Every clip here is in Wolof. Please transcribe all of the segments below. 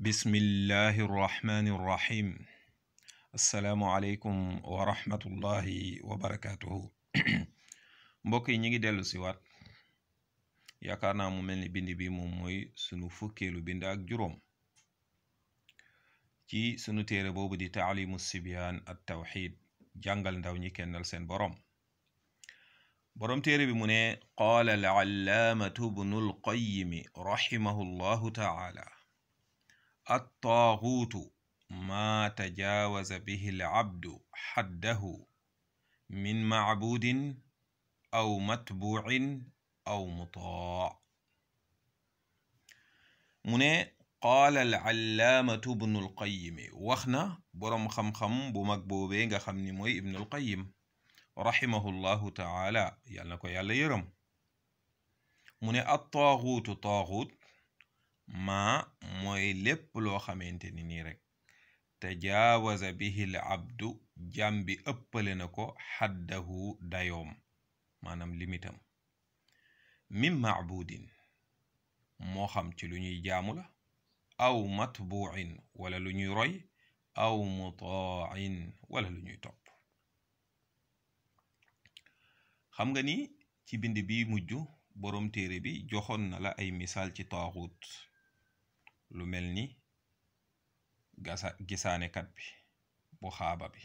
bismillahi irrahmani irrahim asalaamualeykum mbokk yi ñu ngi dellu yaakaar naa mu mel ni bind bi moom mooy sunu fukkeelu bind ak juróom ci sunu téere boobu di taalimu sibyaan at tawxid jàngal ndaw ñi kennal seen borom borom téere bi mu ne qaala al allaamatu bnu alqayimi rahimahu llahu taala attaaxuutu maa tajaawaza bihi alabdu xaddahu min macbudin aw matbuucin aw mutaac mu ne qaala alallaamatu ibnu alqayimi wax na boroom xam-xam bu mag boobee nga xam ni mooy ibnu alqayim rahimahullahu taala yàlla na ko yàlla yërëm mu ne attaaxuutu taaxuut ma mooy lépp loo xamante ni nii rek tajaawaza bihi l abdu jàm bi ëppale na ko xaddahu dayoom maanaam limitam min maabudin moo xam ci lu ñuy jaamu la aw matbuin wala lu ñuy roy aw mutain wala lu ñuy topp xam nga ni ci bind bi mujj boroom téere bi joxoon na la ay misaal ci taaxut lu mel ni gasa gisaanekat bi bu xaaba bi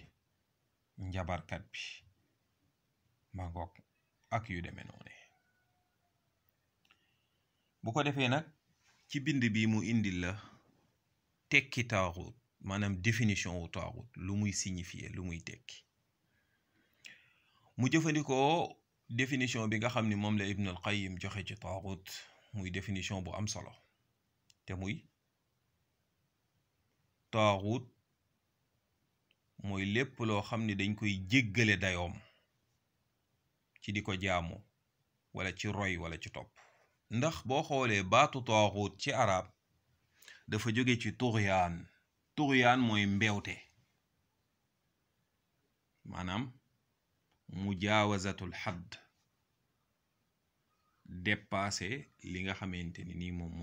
njabarkat bi mangook ak yu deme noone bu ko defee nag ci bind bi mu indi la tekki taaxut maanaam définition wu taaxut lu muy signifier lu muy tekki mu jëfandikoo définition bi nga xam ni moom la Ibnul Qayyim joxe ci taaxut muy définition bu am solo te muy taaxut mooy lépp loo xam ne dañ koy jéggale dayoom ci di ko jaamu wala ci roy wala ci topp ndax boo xoolee baatu taaxut ci arab dafa jóge ci tuxyaan mooy mbewte maanaam mujaawazatul xadd dépassé li nga xamante ni nii moom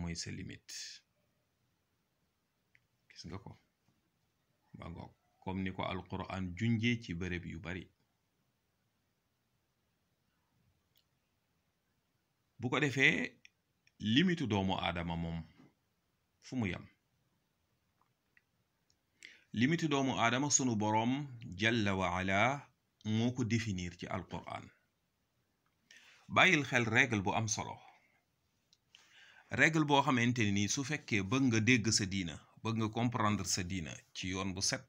mooy sa limite gis nga ko ba ngoog comme ni ko alquran junjee ci bërëb yu bari bu ko defee limitu doomu aadama moom fu mu yam limitu doomu aadama sunu boroom jalla wa ala moo ko définir ci alquran bàyyil xel règle bu am solo règle boo xamante ni su fekkee bëgg nga dégg sa diina bëgg nga comprendre sa diina ci yoon bu set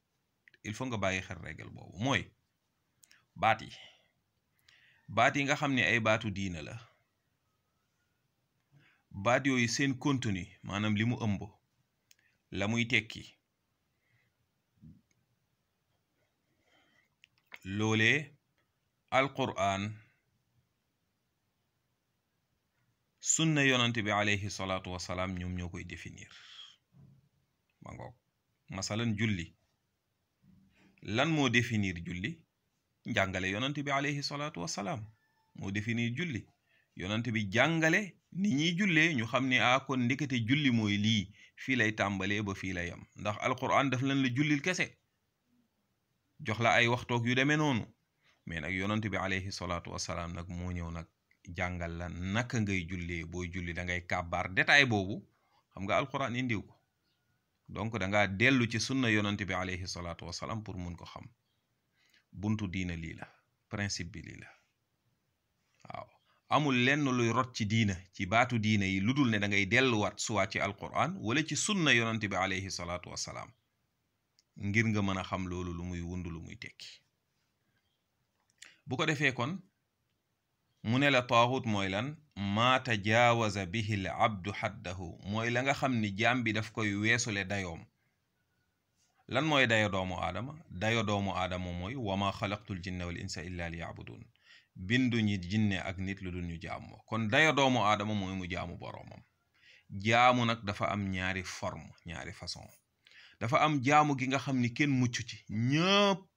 il faut nga bàyyi xel règle boobu mooy baat yi baat yi nga xam ni ay baatu diina la baat yooyu seen contenu maanaam li mu ëmb la muy tekki loolee alquran sunna yonante bi aleyhi salaatu wasalaam ñoom ñoo koy définir ma ngoog masalan julli lan moo définir julli njàngale yonent bi aleyhi salaatu wassalaam moo définir julli yonent bi jàngale ni ñuy jullee ñu xam ne a ah, kon ndekete julli mooy lii fii lay tàmbalee ba fii lay yam ndax alquran daf lan la jullil kese jox la ay waxtoog yu demee noonu mais nag yonent bi aleyhi salaatu wassalaam nag moo ñëw nag jàngal la naka ngay jullee bo julli da ngay kàbbaar boobu xam nga alquran indiw ko donc da dellu ci sunna yonent bi aleyhi salaatu wasalaam pour mun ko xam buntu diina lii la principe bi lii la waaw amul lenn luy rot ci diina ci baatu diina yi lu dul ne da ngay delluwaat suwaat ci alquran wala ci sunna yonent bi aleyhi salaatu wasalaam ngir nga mën a xam loolu lu muy wund lu muy tekki bu ko defee kon mu ne la taaxut mooy lan maa tajaawaza bihi l abdu xaddahu mooy la nga xam ni jaam bi daf koy weesule dayoom lan mooy dayo doomu adama dayo doomu aadama mooy wa ma xalaqtul jinna wal insa illa li yaabudun bindu ñi jinne ak nit lu dul ñu jaamu kon dayo doomu aadama mooy mu jaamu boroomam jaamu nag dafa am ñaari forme ñaari façon dafa am jaamu gi nga xam ni kenn mucc ci ñëpp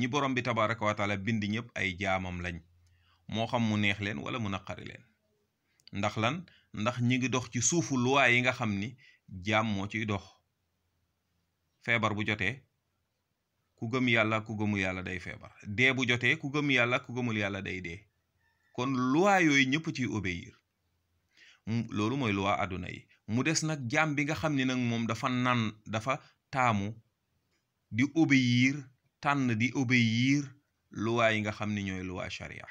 ñi borom bi tabaraka wa taala bind ñëpp ay jaamam lañ moo xam mu neex leen wala mu naqari leen ndax lan ndax ñi ngi dox ci suufu luwaa yi nga xam ni jaam moo ciy dox feebar bu jotee ku gëm yàlla ku gëmul yàlla day feebar dee bu ku gëm yàlla ku gëmul yàlla day dee kon luwaa yooyu ñëpp ciy obéir loolu mooy luwaa àdduna yi mu des nag jaam bi nga xam ne nag moom dafa nan dafa taamu di obéir tànn di obéir luwaa yi nga xam ni ñooy luwaa sharia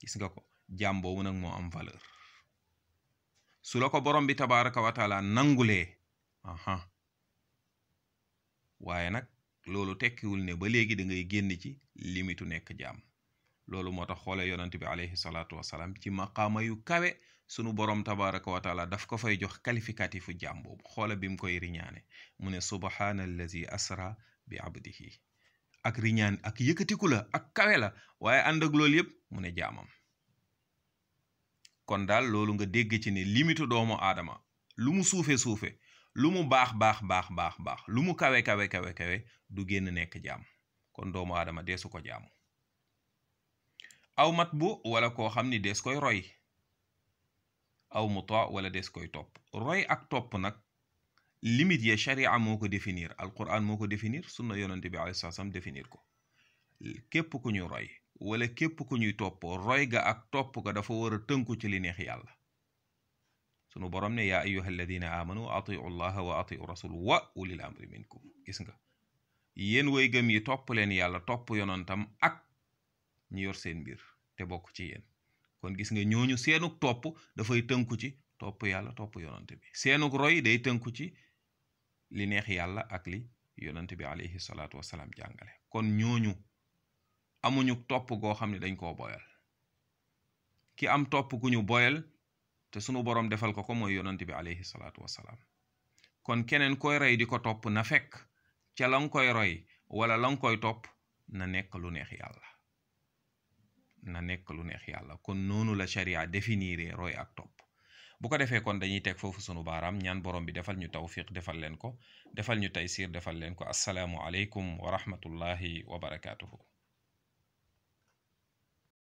gis nga ko jaam boobu nag moo am valeur su la ko borom bi tabaraka wa taala nangulee aha waaye nag loolu tekkiwul ne ba léegi da ngay génn ci limitu nekk jam loolu moo tax xoolee yonent bi alayhi salaatu wasalaam ci maqaama yu kawe sunu borom tabaraka wa daf ko fay jox qualificatifu jaam boobu xoole bi mu koy riñaane mu ne subhaana allazi asra bi abdihi ak riñaan ak yëkkatiku la ak kawe la waaye ànd ak loolu yëpp mu ne jaamam kon daal loolu nga dégg ci ni limitu doomu aadama lu mu suufe suufe lu mu baax baax baax baax baax lu mu kawe kawe kawe kawe du génn nekk jaam kon doomu aadama deesu ko jaamu aw mat bo wala koo xam ni dees koy roy aw muta wala dees koy topp roy ak topp nag limite ya sharia moo ko définir alquran moo ko définir sunna yonente bi alayhi salaam definiir ko képp ku ñu roy walla képp ku ñuy topp roy ga ak topp ga dafa war a tënku ci li neex yàlla sunu borom ne yaa ayyuha alladina amanu atiu llaha wa atiu rasul wa ulil amri minkum gis nga yéen way gëm yi topp leen yàlla topp yonantam ak ñu yor seen mbir te bokk ci yéen kon gis nga ñooñu seenuk topp dafay tënku ci topp yàlla topp yonante bi seenuk roy day tënku ci li neex yàlla ak li yonante bi alayhi salaatu wasalaam jàngale kon ñooñu amuñu topp goo xam ne dañ koo boyal ki am topp ku ñu boyal te sunu borom defal ko ko mooy yonent bi aleyhi salaatu wassalaam kon keneen koy rey di ko topp na fekk ca la koy roy wala la koy topp na nekk lu neex yàlla na nekk lu neex yàlla kon noonu la sharia définir roy ak topp bu ko defee kon dañuy teg foofu sunu baaraam ñaan borom bi defal ñu tawfiq defal leen ko defal ñu taysir defal leen ko asalaamu aleykum wa rahmatullahi